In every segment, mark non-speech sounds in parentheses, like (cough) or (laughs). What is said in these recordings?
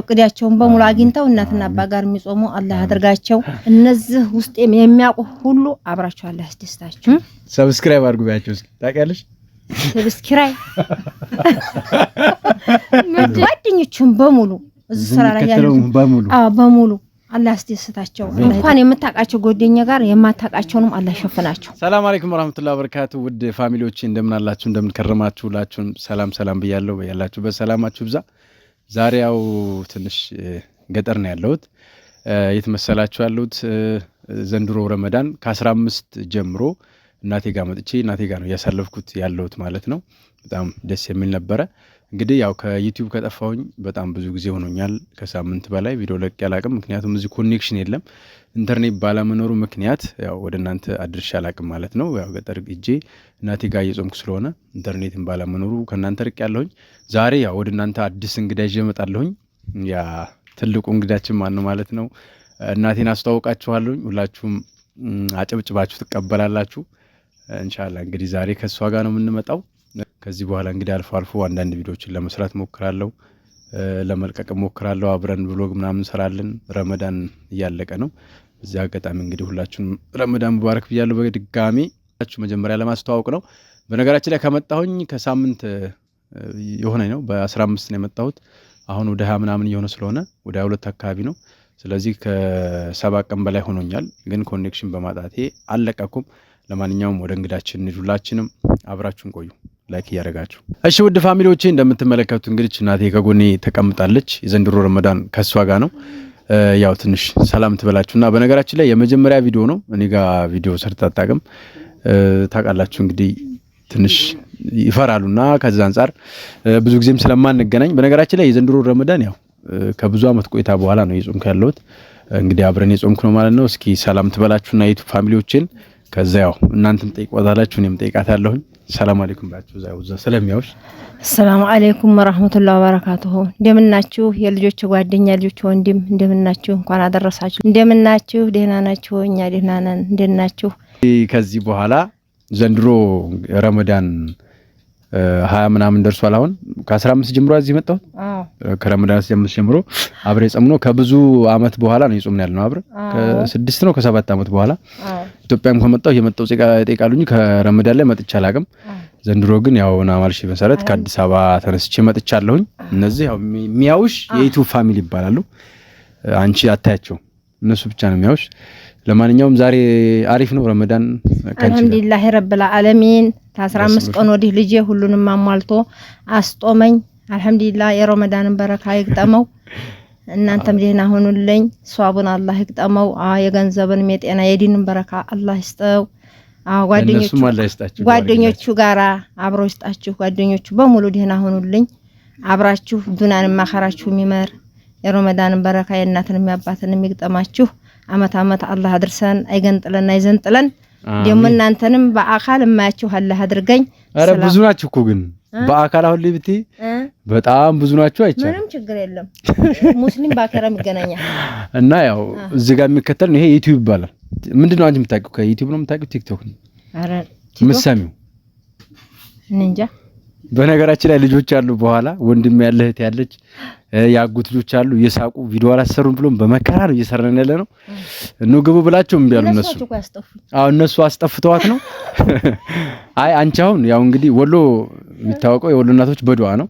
እቅዳቸውን በሙሉ አግኝተው እናትና አባ ጋር የሚጾሙ አላህ አድርጋቸው። እነዚህ ውስጥ የሚያውቁ ሁሉ አብራቸው አላህ ያስደስታቸው። ሰብስክራይብ አድርጉ ቢያቸው እስኪ ታውቂያለሽ። ሰብስክራይብ (laughs) ጓደኞችን በሙሉ እዚህ ስራ ላይ ያሉ በሙሉ አላህ ያስደስታቸው። እንኳን የምታውቃቸው ጎደኛ ጋር የማታውቃቸውንም አላህ ይሸፍናቸው። ሰላም አለይኩም ወራህመቱላሂ ወበረካቱ። ውድ ፋሚሊዎች እንደምን አላችሁ? እንደምን ከረማችሁ? ሁላችሁን ሰላም ሰላም ብያለሁ። ያላችሁበት ሰላማችሁ ብዛ ዛሬ ያው ትንሽ ገጠር ነው ያለሁት። የት መሰላችሁ ያለሁት? ዘንድሮ ረመዳን ከ አምስት ጀምሮ እናቴ ጋር መጥቼ እናቴ ጋር ነው እያሳለፍኩት ያለሁት ማለት ነው። በጣም ደስ የሚል ነበረ። እንግዲህ ያው ከዩቲዩብ ከጠፋውኝ በጣም ብዙ ጊዜ ሆኖኛል። ከሳምንት በላይ ቪዲዮ ለቅ ያላቅም፣ ምክንያቱም እዚህ ኮኔክሽን የለም። ኢንተርኔት ባለመኖሩ ምክንያት ያው ወደ እናንተ አድርሼ አላቅም ማለት ነው። ያው ገጠር እጄ እናቴ ጋር እየጾምኩ ስለሆነ ኢንተርኔትን ባለመኖሩ ከእናንተ ርቅ ያለሁኝ። ዛሬ ያው ወደ እናንተ አዲስ እንግዳ ይዤ እመጣለሁኝ። ያ ትልቁ እንግዳችን ማን ነው ማለት ነው? እናቴን አስተዋውቃችኋለሁኝ። ሁላችሁም አጨብጭባችሁ ትቀበላላችሁ። እንሻላ እንግዲህ ዛሬ ከእሷ ጋር ነው የምንመጣው። ከዚህ በኋላ እንግዲህ አልፎ አልፎ አንዳንድ ቪዲዮዎችን ለመስራት ሞክራለሁ፣ ለመልቀቅ ሞክራለሁ። አብረን ብሎግ ምናምን እንሰራለን። ረመዳን እያለቀ ነው። እዚህ አጋጣሚ እንግዲህ ሁላችሁን ረመዳን ሙባረክ ብያለሁ። በድጋሚ መጀመሪያ ለማስተዋወቅ ነው። በነገራችን ላይ ከመጣሁኝ ከሳምንት የሆነ ነው። በ15 ነው የመጣሁት። አሁን ወደ ሀያ ምናምን እየሆነ ስለሆነ ወደ ሀያ ሁለት አካባቢ ነው። ስለዚህ ከሰባ ቀን በላይ ሆኖኛል። ግን ኮኔክሽን በማጣቴ አልለቀኩም። ለማንኛውም ወደ እንግዳችን ሁላችንም አብራችሁን ቆዩ። ላይክ እያደረጋችሁ እሺ፣ ውድ ፋሚሊዎቼ እንደምትመለከቱ እንግዲህ እናቴ ከጎኔ ተቀምጣለች። የዘንድሮ ረመዳን ከእሷ ጋር ነው። ያው ትንሽ ሰላም ትበላችሁ እና በነገራችን ላይ የመጀመሪያ ቪዲዮ ነው። እኔ ጋር ቪዲዮ ሰርት አታውቅም። ታውቃላችሁ እንግዲህ ትንሽ ይፈራሉና ከዛ አንጻር ብዙ ጊዜም ስለማንገናኝ በነገራችን ላይ የዘንድሮ ረመዳን ያው ከብዙ ዓመት ቆይታ በኋላ ነው የጾምኩ ያለሁት። እንግዲህ አብረን የጾምኩ ነው ማለት ነው። እስኪ ሰላም ትበላችሁና የቱ ፋሚሊዎችን ከዛ ያው እናንተም ጠይቆታላችሁ እኔም ያለሁኝ ሰላም አለይኩም ብላችሁ ዛው ዘ ስለሚያውሽ ሰላም አለይኩም ወራህመቱላሂ ወበረካቱሁ። እንደምናችሁ የልጆች ጓደኛ ልጆች ወንድም እንደምናችሁ፣ እንኳን አደረሳችሁ። እንደምናችሁ ደህና ናችሁ? እኛ ደህና ነን። እንደምናችሁ ከዚህ በኋላ ዘንድሮ ረመዳን ሀያ ምናምን ደርሷል። አሁን ከአስራ አምስት ጀምሮ እዚህ መጣሁት ከረመዳን ስጀምስ ጀምሮ አብሬ ጾም ነው። ከብዙ አመት በኋላ ነው የጾም ያለ ነው አብረ ከስድስት ነው ከሰባት አመት በኋላ ኢትዮጵያም ከመጣሁ የመጣው ጠይቃሉኝ። ከረመዳን ላይ መጥቼ አላቅም። ዘንድሮ ግን ያው ናማልሽ መሰረት ከአዲስ አበባ ተነስቼ መጥቻለሁኝ። እነዚህ ያው የሚያውሽ የኢትዮ ፋሚሊ ይባላሉ። አንቺ አታያቸው፣ እነሱ ብቻ ነው የሚያውሽ ለማንኛውም ዛሬ አሪፍ ነው ረመዳን። አልሐምዱሊላህ ረብል ዓለሚን ከአስራ አምስት ቀን ወዲህ ልጄ ሁሉንም አሟልቶ አስጦመኝ። አልሐምዱሊላህ የረመዳንን በረካ ይግጠመው። እናንተም ደህና ሆኑልኝ። ሷቡን አላህ ይግጠመው። የገንዘብን የጤና የዲንን በረካ አላህ ይስጠው። ጓደኞቹ ጋራ አብሮ ይስጣችሁ። ጓደኞቹ በሙሉ ደህና ሆኑልኝ። አብራችሁ ዱናንም ማኸራችሁ የሚመር የረመዳንን በረካ የእናትን የሚያባትን የሚግጠማችሁ አመት አመት አላህ አድርሰን አይገንጥለን አይዘንጥለን። ደግሞ እናንተንም በአካል የማያችሁ አላህ አድርገኝ። አረ ብዙ ናችሁ እኮ ግን በአካል አሁን ላይ በጣም ብዙ ናችሁ። አይቻልም፣ ምንም ችግር የለም። ሙስሊም በአከራም ይገናኛል (laughs) እና ያው እዚህ ጋር የሚከተል ይሄ ዩቲዩብ ይባላል። ምንድነው አንቺ የምታውቂው? ከዩቲዩብ ነው የምታውቂው? ቲክቶክ ነው? አረ ምሰሚው እንጃ በነገራችን ላይ ልጆች አሉ። በኋላ ወንድም ያለ እህት ያለች ያጉት ልጆች አሉ። እየሳቁ ቪዲዮ አላሰሩም ብሎም በመከራ ነው እየሰራን ያለ ነው። እንግቡ ብላቸው እምቢ አሉ። እነሱ አዎ እነሱ አስጠፍተዋት ነው። (laughs) አይ አንቺ አሁን ያው እንግዲህ ወሎ የሚታወቀው የወሎ እናቶች በዱዓ ነው።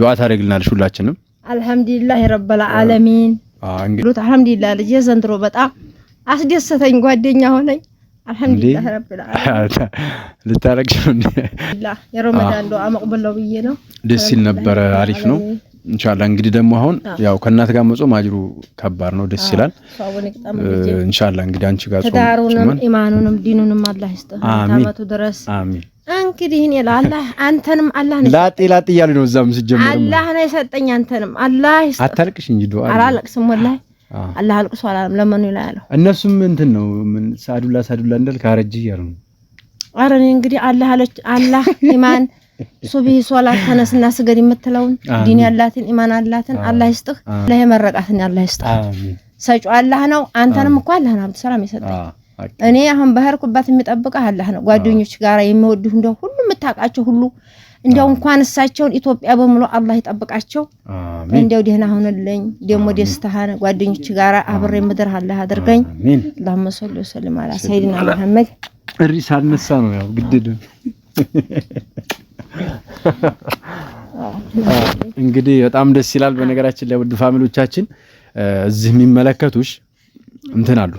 ዱዓ ታደርግልናለሽ ሁላችንም። አልሐምዱሊላህ ረብል ዓለሚን። አልሐምዱሊላህ ልጄ ዘንድሮ በጣም አስደሰተኝ ጓደኛ ሆነኝ። አልሐምዱሊላህ ረብል ዱዓ መቅበል ብዬ ነው። ደስ ሲል ነበረ። አሪፍ ነው። እንሻላ እንግዲህ ደግሞ አሁን ያው ከእናት ጋር መጾም አጅሩ ከባድ ነው። ደስ ይላል። እንሻላ እንግዲህ አንቺ ጋር ጾም ትዳሩንም ኢማኑንም ዲኑንም አላህ ይስጥህ አመቱ ድረስ አሜን። እንግዲህ እኔ ለአላህ አንተንም አላህ ነው ላጤ ላጤ እያሉ ነው እዛም ሲጀምሩ አላህ ነው የሰጠኝ አንተንም አላህ ይስጥህ። አታልቅሽ እንጂ ዱዓ አላለቅስም ወላሂ አላህ አልቅሶ አላለም ለመኑ ይላ እነሱም እንትን ነው ምን ሳዱላ ሳዱላ እንዳል ካረጅ እያሉ ነው። ኧረ እኔ እንግዲህ አላህ አለች አላህ ኢማን ሱብሂ ሶላት ተነስና ስገድ የምትለውን ዲን ያላትን ኢማን አላትን አላህ ይስጥህ። ለህ መረቃትን አላህ ይስጥህ። አሜን። ሰጪው አላህ ነው። አንተንም እኮ አላህ ነው ሰላም የሰጠኝ እኔ አሁን ባህር ኩባት የሚጠብቀህ አላህ ነው። ጓደኞች ጋር የሚወዱህ እንደው ሁሉ የምታውቃቸው ሁሉ እንዲያው እንኳን እሳቸውን ኢትዮጵያ በሙሉ አላህ ይጠብቃቸው። እንዲያው ደህና ሆነልኝ ደግሞ ደስታህን ጓደኞች ጋር አብሬ ምድር አላህ አድርገኝ። አላሁመ ሰሊ ወሰሊም አላ ሰይድና መሐመድ። እሪስ አልነሳ ነው ያው ግድድ እንግዲህ በጣም ደስ ይላል። በነገራችን ላይ ውድ ፋሚሊዎቻችን እዚህ የሚመለከቱሽ እንትን አሉ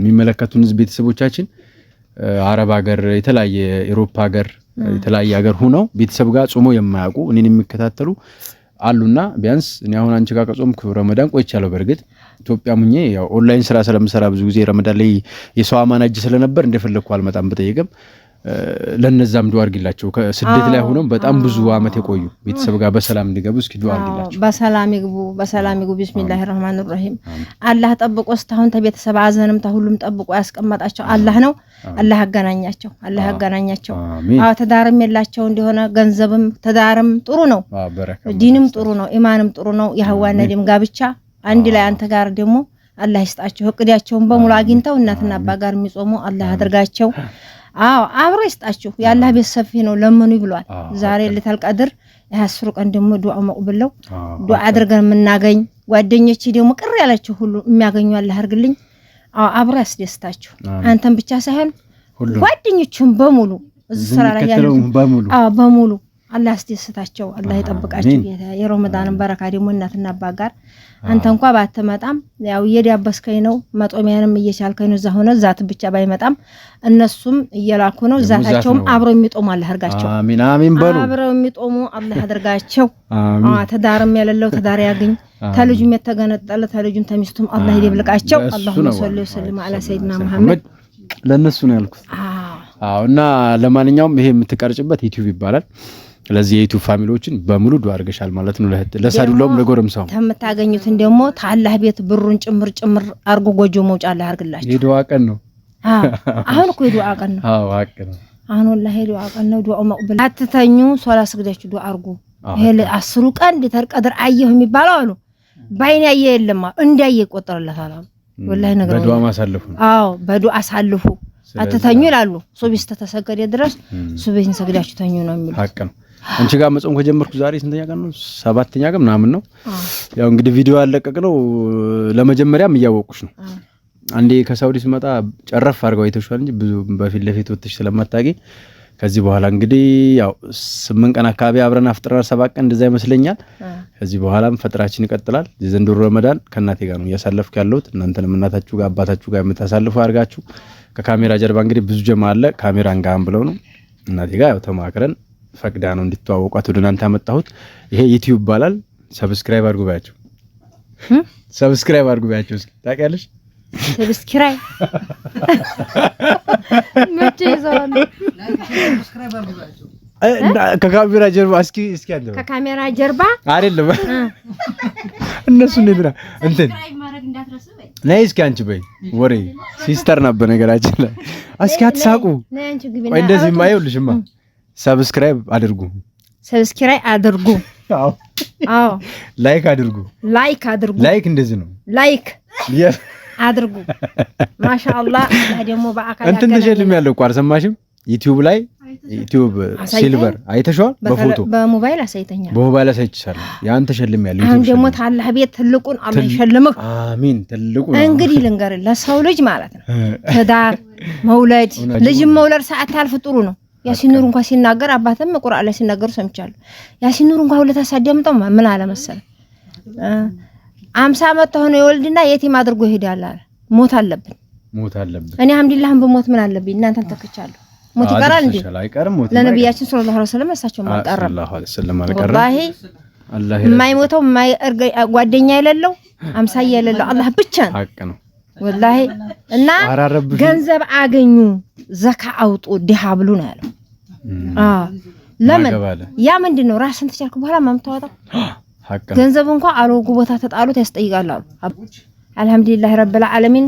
የሚመለከቱን ቤተሰቦቻችን አረብ ሀገር፣ የተለያየ ኤሮፓ ሀገር የተለያየ ሀገር ሁነው ቤተሰብ ጋር ጾሞ የማያውቁ እኔን የሚከታተሉ አሉና ቢያንስ እኔ አሁን አንቺ ጋር ከጾምኩ ረመዳን ቆይቻለሁ። በእርግጥ ኢትዮጵያ ሙኜ ያው ኦንላይን ስራ ስለምሰራ ብዙ ጊዜ ረመዳን ላይ የሰው አማና እጅ ስለነበር እንደፈለግኩ አልመጣም ብጠይቅም ለነዛም ዱዓ አድርግላቸው። ስደት ላይ ሆኖም በጣም ብዙ አመት የቆዩ ቤተሰብ ጋር በሰላም እንዲገቡ እስኪ ዱዓ አድርግላቸው። በሰላም ይግቡ፣ በሰላም ይግቡ። ቢስሚላሂ ረህማን ረሂም። አላህ ጠብቆ እስካሁን ተቤተሰብ አዘንም ተሁሉም ጠብቆ ያስቀመጣቸው አላህ ነው። አላህ አገናኛቸው፣ አላህ አገናኛቸው። አዎ ትዳርም የላቸው እንደሆነ ገንዘብም ትዳርም ጥሩ ነው፣ ዲንም ጥሩ ነው፣ ኢማንም ጥሩ ነው። የህዋና ደም ጋብቻ አንድ ላይ አንተ ጋር ደግሞ አላህ ይስጣቸው። እቅዳቸውን በሙሉ አግኝተው እናትና አባ ጋር የሚጾሙ አላህ አድርጋቸው። አዎ አብሮ ይስጣችሁ። የአላህ ቤት ሰፊ ነው፣ ለምኑ ብሏል። ዛሬ ልታል ቀድር የአስሩ ቀን ደግሞ ዱዓው መቅቡል ዱዓ አድርገን የምናገኝ ጓደኞች ደግሞ ቅር ያላችሁ ሁሉ የሚያገኙ አላህ አርግልኝ። አዎ አብሮ ያስደስታችሁ። አንተን ብቻ ሳይሆን ጓደኞችን በሙሉ እዚህ ስራ ላይ ያሉ በሙሉ አዎ በሙሉ አላህ ያስደስታቸው፣ አላህ ይጠብቃቸው። የረመዳንን በረካ ደግሞ እናትና አባ ጋር አንተ እንኳ ባትመጣም ያው እየዳበስከኝ ነው፣ መጦሚያንም እየቻልከኝ ነው። እዛ ሆነ ዛት ብቻ ባይመጣም እነሱም እየላኩ ነው። ዛታቸውም አብረው የሚጦሙ አላህ አድርጋቸው። አሚን አሚን በሉ። አብረው የሚጦሙ አላህ አድርጋቸው። ትዳርም የሌለው ትዳር ያግኝ ተልጁም የተገነጠለ ተልጁም ተሚስቱም አላህ ይደብልቃቸው። አላሁመ ሰሊ ወሰለም አላ ሰይድና መሐመድ። ለነሱ ነው ያልኩት። አዎ እና ለማንኛውም ይሄ የምትቀርጭበት ዩቲዩብ ይባላል። ለዚህ የቱ ፋሚሊዎችን በሙሉ ዱዓ አድርገሻል ማለት ነው። ለህት ለሳዱላውም ሰው ከምታገኙትን ደግሞ ታላህ ቤት ብሩን ጭምር ጭምር አርጎ ጎጆ መውጫ አላህ አርግላችሁ። የዱዓ ቀን ነው። አሁን እኮ የዱዓ ቀን ነው። አዎ ሀቅ ነው። አሁን ወላሂ የዱዓ ቀን ነው። ዱዓው መቅበል አትተኙ። ሶላ ስግዳችሁ ዱዓ አርጉ። ይሄ አስሩ ቀን ሊተር ቀድር አየሁ የሚባለው አሉ ባይን ያየ የለማ እንዳየ ይቆጠርለታል አሉ። ወላሂ ነገር ነው። በዱዓ ማሳልፉ አዎ በዱዓ አሳልፉ። አትተኙ ይላሉ። ሱብሂ ስተተሰገደ ድረስ ሱብሂን ሰግዳችሁ ተኙ ነው የሚሉት። ሀቅ ነው። አንቺ ጋር መጾም ከጀመርኩ ዛሬ ስንተኛ ቀን ነው? ሰባተኛ ቀን ምናምን ነው። ያው እንግዲህ ቪዲዮ ያለቀቅ ነው። ለመጀመሪያም እያወቁሽ ነው። አንዴ ከሳውዲ ስመጣ ጨረፍ አድርገው አይተሽዋል እንጂ ብዙ በፊት ለፊት ወጥተሽ ስለማታውቂ ከዚህ በኋላ እንግዲህ ያው ስምንት ቀን አካባቢ አብረን አፍጥረናል። ሰባት ቀን እንደዛ ይመስለኛል። ከዚህ በኋላም ፈጥራችን ይቀጥላል። የዘንድሮ ረመዳን ከእናቴ ጋር ነው እያሳለፍኩ ያለሁት። እናንተንም እናታችሁ ጋር አባታችሁ ጋር የምታሳልፉ አድርጋችሁ ከካሜራ ጀርባ እንግዲህ ብዙ ጀማ አለ። ካሜራን ጋር ብለው ነው እናቴ ጋር ያው ተማክረን ፈቅዳ ነው እንዲተዋወቋት ወደ እናንተ ያመጣሁት። ይሄ ዩቲዩብ ይባላል። ሰብስክራይብ አድርጉ ባያቸው፣ ሰብስክራይብ አድርጉ ባያቸው። እስኪ ታውቂያለሽ ከካሜራ ጀርባ እስኪ እስኪ አንተ ከካሜራ ጀርባ አይደለም እነሱ እንዴት ነው እንትን ነይ እስኪ አንቺ በይ ወሬ ሲስተር ነበር ነገራችን ላይ እስኪ አትሳቁ ወይ እንደዚህ ማየውልሽማ ሰብስክራይብ አድርጉ፣ ሰብስክራይብ አድርጉ። አዎ ላይክ አድርጉ፣ ላይክ አድርጉ። ላይክ እንደዚህ ነው፣ ላይክ አድርጉ። ማሻአላ ደግሞ በአካል እንትን ተሸልም ያለው እኮ አልሰማሽም? ዩቲዩብ ላይ ዩቲዩብ ሲልቨር አይተሽዋል? በፎቶ በሞባይል አሳይተኛል፣ በሞባይል አሳይተሻል። ያን ተሸልም ያለው አሁን ደግሞ ታላህ ቤት ትልቁን አላህ ይሸልምክ። አሚን። ትልቁ እንግዲህ ልንገር ለሰው ልጅ ማለት ነው (laughs) ትዳር መውለድ ልጅም መውለድ ሰዓት ታልፍ ጥሩ ነው ያሲን ኑር እንኳን ሲናገር አባተም ቁርአን ላይ ሲናገሩ ሰምቻለሁ። ያሲን ኑር እንኳን ሁለት አሳደምጠው ምን አለ መሰለ አምሳ አመት ሆነ የወልድና የቲም አድርጎ ይሄዳል አለ። ሞት አለብን ሞት አለብን። እኔ አልሐምዱሊላህም በሞት ምን አለብኝ? እናንተን ተክቻለሁ። ሞት ይቀራል እንዴ? ለነብያችን ሰለላሁ ዐለይሂ ወሰለም እሳቸው አልቀረም። ወላሂ አላህ የማይሞተው ጓደኛ የሌለው አምሳያ የሌለው አላህ ብቻ ነው። ወላሂ እና ገንዘብ አገኙ ዘካ አውጡ ድሃ ብሉ ነው ያለው። ለምን ያ ምንድን (gasps) ነው ራስን ተቻልኩ በኋላ ማምታወጣው ገንዘብ እንኳ አልወጉ ቦታ ተጣሉት ያስጠይቃል አሉ። አልሐምዱሊላህ ረብል ዓለሚን።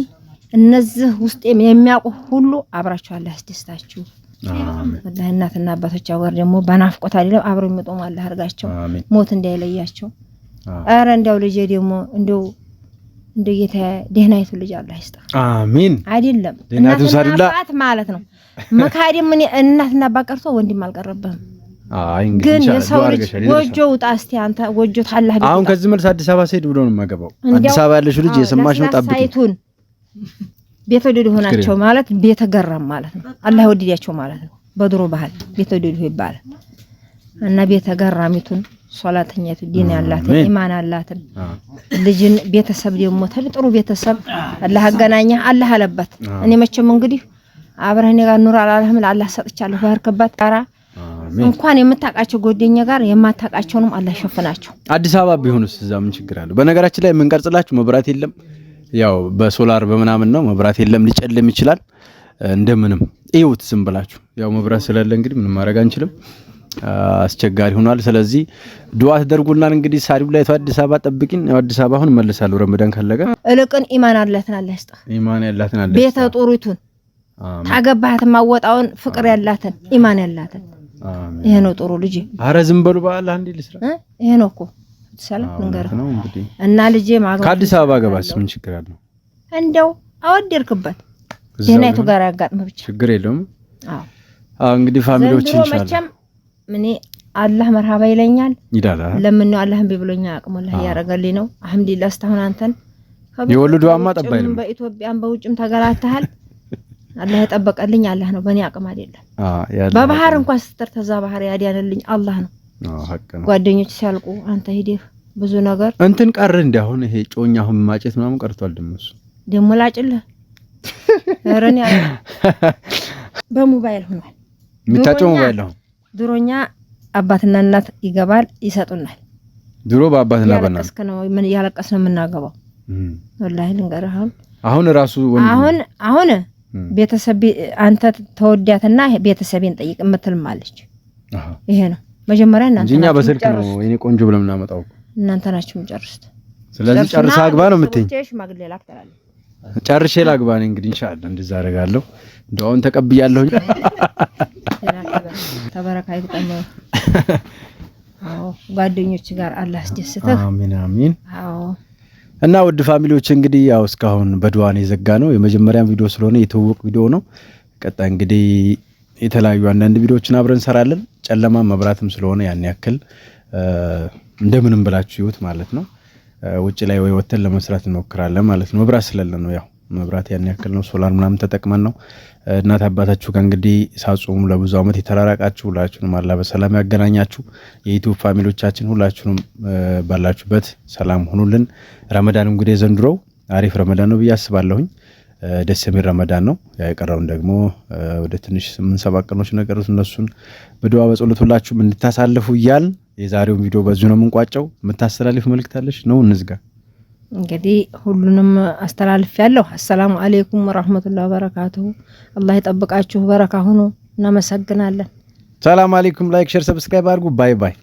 እነዚህ ውስጥ የሚያውቁ ሁሉ አብራችሁ አላህ ያስደስታችሁ። ወላሂ እናትና አባቶች ጋር ደግሞ በናፍቆት አይደለም አብረው የሚጦሙ አላህ አድርጋቸው፣ ሞት እንዳይለያቸው። አረ እንዲያው ልጄ ደግሞ እንዲያው እንደ ደህናይቱ ልጅ አላህ ይስጠው። አሚን። አይደለም እናትና አባት ማለት ነው። መካሪም ምን እናትና አባት ቀርቶ ወንድም አልቀረበህም። ግን የሰው ልጅ ጎጆ ውጣ እስቲ አንተ ጎጆ ታላህ። አሁን ከዚህ መልስ አዲስ አበባ ስሄድ ብሎ ነው የማገባው። አዲስ አበባ ያለሽው ልጅ የሰማሽ ነው። ጣብቂቱን ቤተ ወደዱ ሆናቸው ማለት ቤተ ማለት ነው። አላህ ይወድዳቸው ማለት ነው። በድሮ ባህል ቤተ ይባላል እና ቤተገራሚቱን ሶላተኛት ዲን ያላትን ኢማን አላትን ልጅን ቤተሰብ ደግሞ ጥሩ ቤተሰብ አላህ አገናኛ አላህ አለበት። እኔ መቼም እንግዲህ አብረህ እኔ ጋር ኑር አላልህም። ለአላህ ሰጥቻለሁ ባህርከባት ጋራ እንኳን የምታውቃቸው ጎደኛ ጋር የማታውቃቸውንም አላህ ሸፍናቸው። አዲስ አበባ ቢሆንስ እዛ ምን ችግር አለ? በነገራችን ላይ የምንቀርጽላችሁ መብራት የለም፣ ያው በሶላር በምናምን ነው። መብራት የለም፣ ሊጨልም ይችላል። እንደምንም ይሁት ዝም ብላችሁ ያው መብራት ስላለ እንግዲህ ምንም ማድረግ አንችልም። አስቸጋሪ ሆኗል። ስለዚህ ዱዓ ተደርጉናል። እንግዲህ ሳሪው ላይ አዲስ አበባ ጠብቂን። አዲስ አበባ አሁን እመልሳለሁ። ረመዳን ካለቀ እልቅን ኢማን አላትን አለ ያስጣ ኢማን ያላትን አለ ቤተ ጡሪቱን ታገባህት ማወጣውን ፍቅር ያላትን ኢማን ያላትን ይሄ ነው ጥሩ ልጅ። አረ ዝም በሉ በዓል አንዴ ልስራ። ይሄ ነው እኮ ሰላም ንገረህ እና ልጅ ማግባት ከአዲስ አበባ ገባስ ምን ችግር አለው? እንደው አወደርክበት ደህና ይቱ ጋር ያጋጥምህ ብቻ ችግር የለውም። አዎ እንግዲህ ፋሚሊዎች ይችላል እኔ አላህ መርሃባ ይለኛል ለምን ነው አላህ እምቢ ብሎኛ አቅሙላህ እያረገልኝ ነው። አልሐምዱሊላህ እስካሁን አንተን አማ ጠባይ ነው። በኢትዮጵያም በውጭም ተገላተሃል። አላህ የጠበቀልኝ አላህ ነው፣ በእኔ አቅም አይደለም። በባህር እንኳን ስትር ተዛ ባህር ያዲያንልኝ አላህ ነው። ጓደኞች ሲያልቁ አንተ ሂደህ ብዙ ነገር እንትን ቀር እንደ አሁን ይሄ ጮኛ አሁን ማጨት ምናምን ቀርቷል። ድምሱ እሱ ደሞ ላጭልህ (laughs) ረን በሞባይል ሆኗል። የምታጨው ሞባይል አሁን ድሮኛ አባትና እናት ይገባል ይሰጡናል። ድሮ በአባትና በእናት እያለቀስን ነው የምናገባው። ወላሂ ልንገርህ አሁን ራሱ አሁን አሁን ቤተሰብ አንተ ተወዳትና ቤተሰቤን ጠይቅ የምትልም አለች። ይሄ ነው መጀመሪያ እናንተ እኛ በስልክ ነው የኔ ቆንጆ ብለን የምናመጣው እናንተ ናችሁ የምጨርሱት። ስለዚህ ጨርሳ አግባ ነው የምትይኝ ሽማግሌ ላክ ትላለች ጨርሼ ላግባ ነኝ እንግዲህ ኢንሻአላህ እንደዛ አደርጋለሁ። ዱአውን ተቀብያለሁ። ተበረካይ ተጠመ ጓደኞች ጋር አላህ አስደስተህ። አሚን አሚን። አዎ እና ውድ ፋሚሊዎች እንግዲህ ያው እስካሁን በዱዋን የዘጋ ነው የመጀመሪያም ቪዲዮ ስለሆነ የተወቅ ቪዲዮ ነው። ቀጣይ እንግዲህ የተለያዩ አንዳንድ ቪዲዮዎችን አብረን እንሰራለን። ጨለማ መብራትም ስለሆነ ያን ያክል እንደምንም ብላችሁ ይዩት ማለት ነው። ውጭ ላይ ወይ ወተን ለመስራት እንሞክራለን ማለት ነው። መብራት ስለለ ነው ያው መብራት ያን ያክል ነው። ሶላር ምናምን ተጠቅመን ነው። እናት አባታችሁ ጋር እንግዲህ ሳጾሙ ለብዙ ዓመት የተራራቃችሁ ሁላችሁንም አላ በሰላም ያገናኛችሁ። የዩቱብ ፋሚሊዎቻችን ሁላችሁንም ባላችሁበት ሰላም ሆኑልን። ረመዳን እንግዲህ ዘንድሮ አሪፍ ረመዳን ነው ብዬ አስባለሁኝ። ደስ የሚል ረመዳን ነው። የቀረውን ደግሞ ወደ ትንሽ ስምንት ሰባት ቀኖች ነገሩት እነሱን በድዋ በጸሎት ሁላችሁም እንድታሳልፉ እያልን የዛሬውን ቪዲዮ በዚሁ ነው የምንቋጨው። የምታስተላልፍ መልእክት አለሽ? ነው እንዝጋ። እንግዲህ ሁሉንም አስተላልፍ ያለው አሰላሙ አሌይኩም ወራህመቱላህ ወበረካቱሁ። አላህ ይጠብቃችሁ፣ በረካ ሁኑ። እናመሰግናለን። ሰላም አሌይኩም። ላይክ፣ ሼር፣ ሰብስክራይብ አድርጉ። ባይ ባይ።